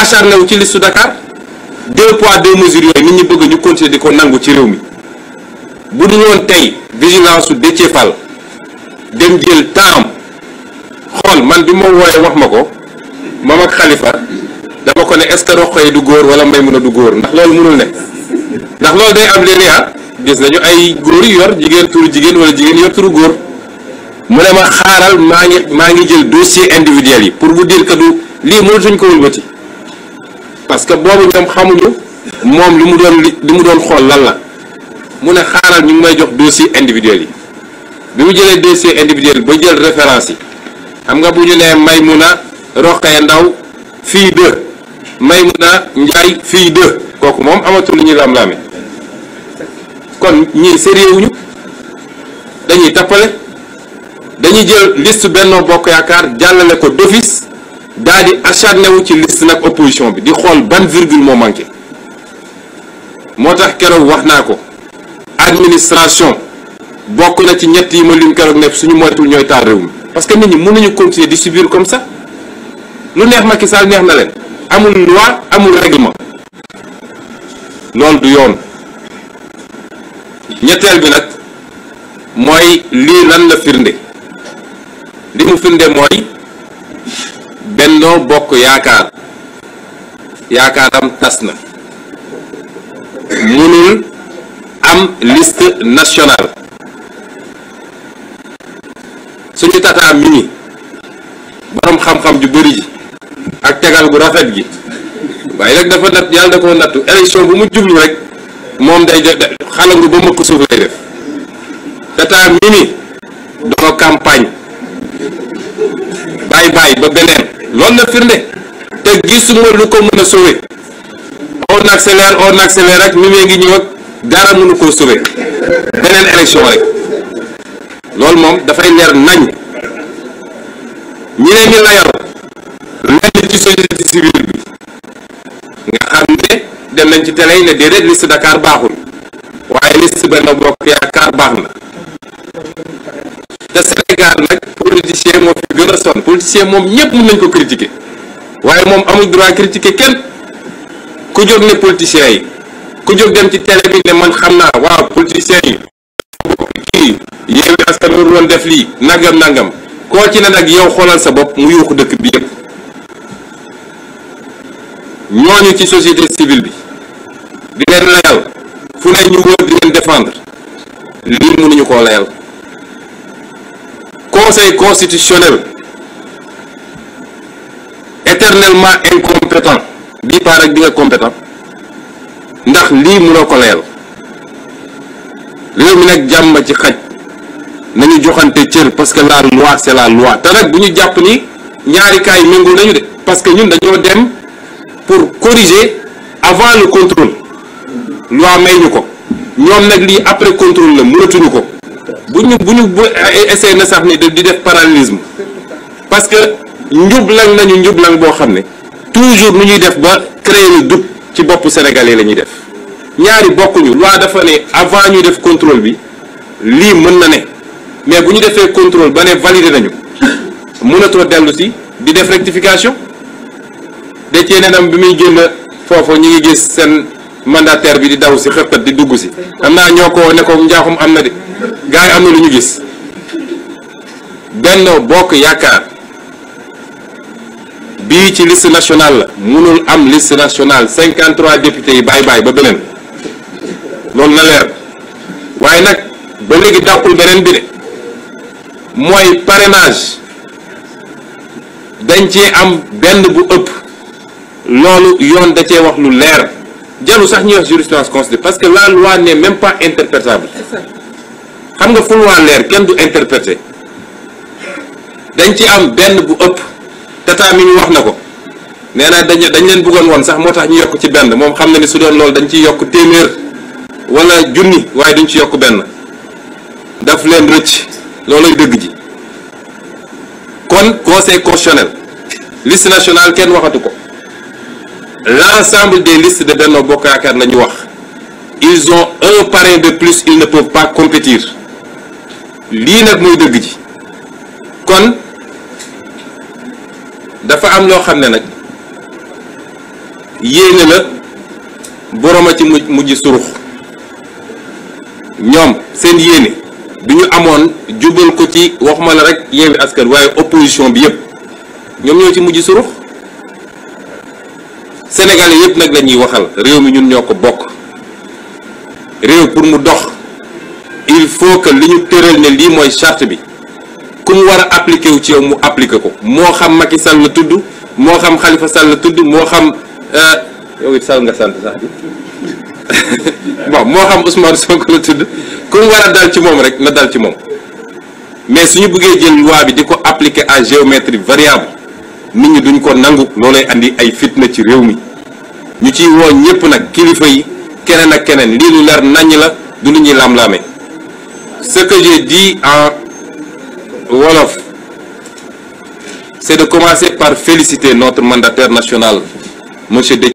acharné na ci su Dakar deux pois deux mesures yooyu nit ñi bëgg ñu continuer di ko nangu ci réew mi bu du woon tey vigilance su Déthié Fall dem jël temps xool man bi moom wooyee wax ma ko moom ak xalifa dama ko ne est-ce roq yi du góor wala mbay mun a du góor ndax loolu mënul nekk ndax loolu day am léegi ah gis nañu ay góor yu yor jigéen turu jigéen wala jigéen yor turu góor mu ne ma xaaral maa ngi maa ngi jël dossier individuel yi pour bu dire que du lii mënatuñ ko parce que boobu ñoom xamuñu moom lu mu doon li lu mu doon xool lan la mu ne xaaral ñu ngi may jox dossier individuel yi bi mu jëlee dossier individuel ba jël référence yi xam nga bu ñu nee Maymuna Roqaya Ndaw fille de Maymuna Njaay fii de kooku moom amatul li ñuy lam-laame kon ñii sérieux wuñu dañuy tappale dañuy jël liste bennoo Bokk Yaakaar jàllale ko d'office daal di acharné wu ci liste nag opposition bi di xool ban virgule moo manqué moo tax keroog wax naa ko administration bokk na ci ñett yi ma lim keroog ne suñu moytul ñooy taal réew mi parce que nit ñi mën nañu continuer di subir comme ça lu neex Macky Sall neex na leen amul loi amul règlement loolu du yoon ñetteel bi nag mooy lii lan la firnde li mu firnde mooy bennoo bokk yaakaar yaakaaram tas na munul am liste national suñu tataa mi borom xam-xam ju bari ji ak tegal gu rafet gi waaye nag dafa yàlla da ko nattu élection bu mu jublu rek moom day def xalangu ba mëkk suuf lay def tataa doo campagne bàyyi bàyyi ba beneen loolu na firnde te gisuma lu ko mën a sauver on accélère on accélère rek mi ngi ñëw ak dara mënu koo sauver beneen élection rek loolu moom dafay leer nañ ñi ne ñu layal lenn ci société civile bi nga xam ne dem nañ ci télé yi ne déedéet liste Dakar baaxul waaye liste Benno Bokk Yaakaar baax na te Sénégal nag politicien moo personne politicien moom ñëpp mën nañ ko critiquer waaye moom amul droit critiquer kenn ku jóg ne politicien yi ku jóg dem ci télé bi ne man xam naa waaw politicien yi bokk kii Yewwi loon def lii nangam nangam koo ci ne nag yow xoolal sa bopp mu yuuxu dëkk bi yëpp ñooñu ci société civile bi di leen layal fu ne ñu wër di leen défendre lii mënuñu koo layal conseil constitutionnel éternellement incompétent bii paar ak bi nga compétent ndax lii mënoo ko layal réew mi nag jàmm ci xaj nañu joxante cër parce que la loi c'est la loi te nag bu ñu jàpp ni ñaari cas yi méngoo nañu de parce que ñun dañoo dem pour corriger avant le contrôle loi may ñu ko ñoom nag lii après contrôle la mënatuñu ko bu ñu bu ñu na sax ni di def parallélisme parce que njublang nañu njublang boo xam ne toujours nu ñuy def ba créer le ci bopp sénégalais la ñuy def ñaari bokkuñu loi dafa ne avant ñuy def contrôle bi lii mën na ne mais bu ñu defee contrôle ba ne validé nañu mënatoo dellu si di def rectification de cee nenam bi muy génn foofu ñu ngi gis seen mandateer bi di daw si xëppat di dugg si am naa ñoo ko ne ko njaaxum am na de gaa yi am na lu ñu gis benn bokk yaakaar bii ci liste national la munul am liste nationale 53 députés yi baay bàyyi ba beneen loolu na leer waaye nag ba léegi dàqul beneen bi de mooy parrainage dañ cee am benn bu ëpp loolu yoon da cee wax lu leer jalu sax ñuy wax jurisprudence constituée parce que la loi n'est même pas interprétable xam nga fu leer kenn du interpréter dañ ci am benn bu ëpp tata mi wax na ko nee na dañ dañ leen buggoon woon sax moo tax ñu yokk ci benn moom xam na ni su doon loolu dañ ciy yokk téeméer wala junni waaye duñ ci yokk benn daf leen rëcc looloy dëgg ji kon conseil constitutionnel liste nationale kenn waxatu ko l'ensemble des listes de Benno Bokk Yaakaar la wax ils ont un parrain de plus ils ne peuvent pas compétir lii nag mooy dëgg ji dafa am ñoo xam ne nag yéene la boroom a ci mujj mujj surux ñoom seen yéene bi ñu amoon jubal ko ci waxuma la rek yeewi askan waaye opposition bi yëpp ñoom ñoo ci mujj surux Sénégal yëpp nag lañuy waxal réew mi ñun ñoo ko bokk réew pour mu dox il faut que li ñu tëral ne lii mooy chart bi ku mu war a appliqué wu ci yow mu appliqué ko moo xam Macky Sall la tudd moo xam xalifa Sall la tudd moo xam euh, yow it Sall nga sant moo xam Ousmane Sonko la tudd ku mu war a dal ci moom rek na dal ci moom mais suñu buggee jël loi bi di ko appliqué à géométrie variable nit ñi duñ ko nangu loolay indi ay fitna ci réew mi ñu ci woo ñëpp nag kilifa yi keneen ak keneen lii lu leer naññ la du lu ñuy lam-laame ce que j'ai dit en wolof c'est de commencer par féliciter notre mandataire national monsieur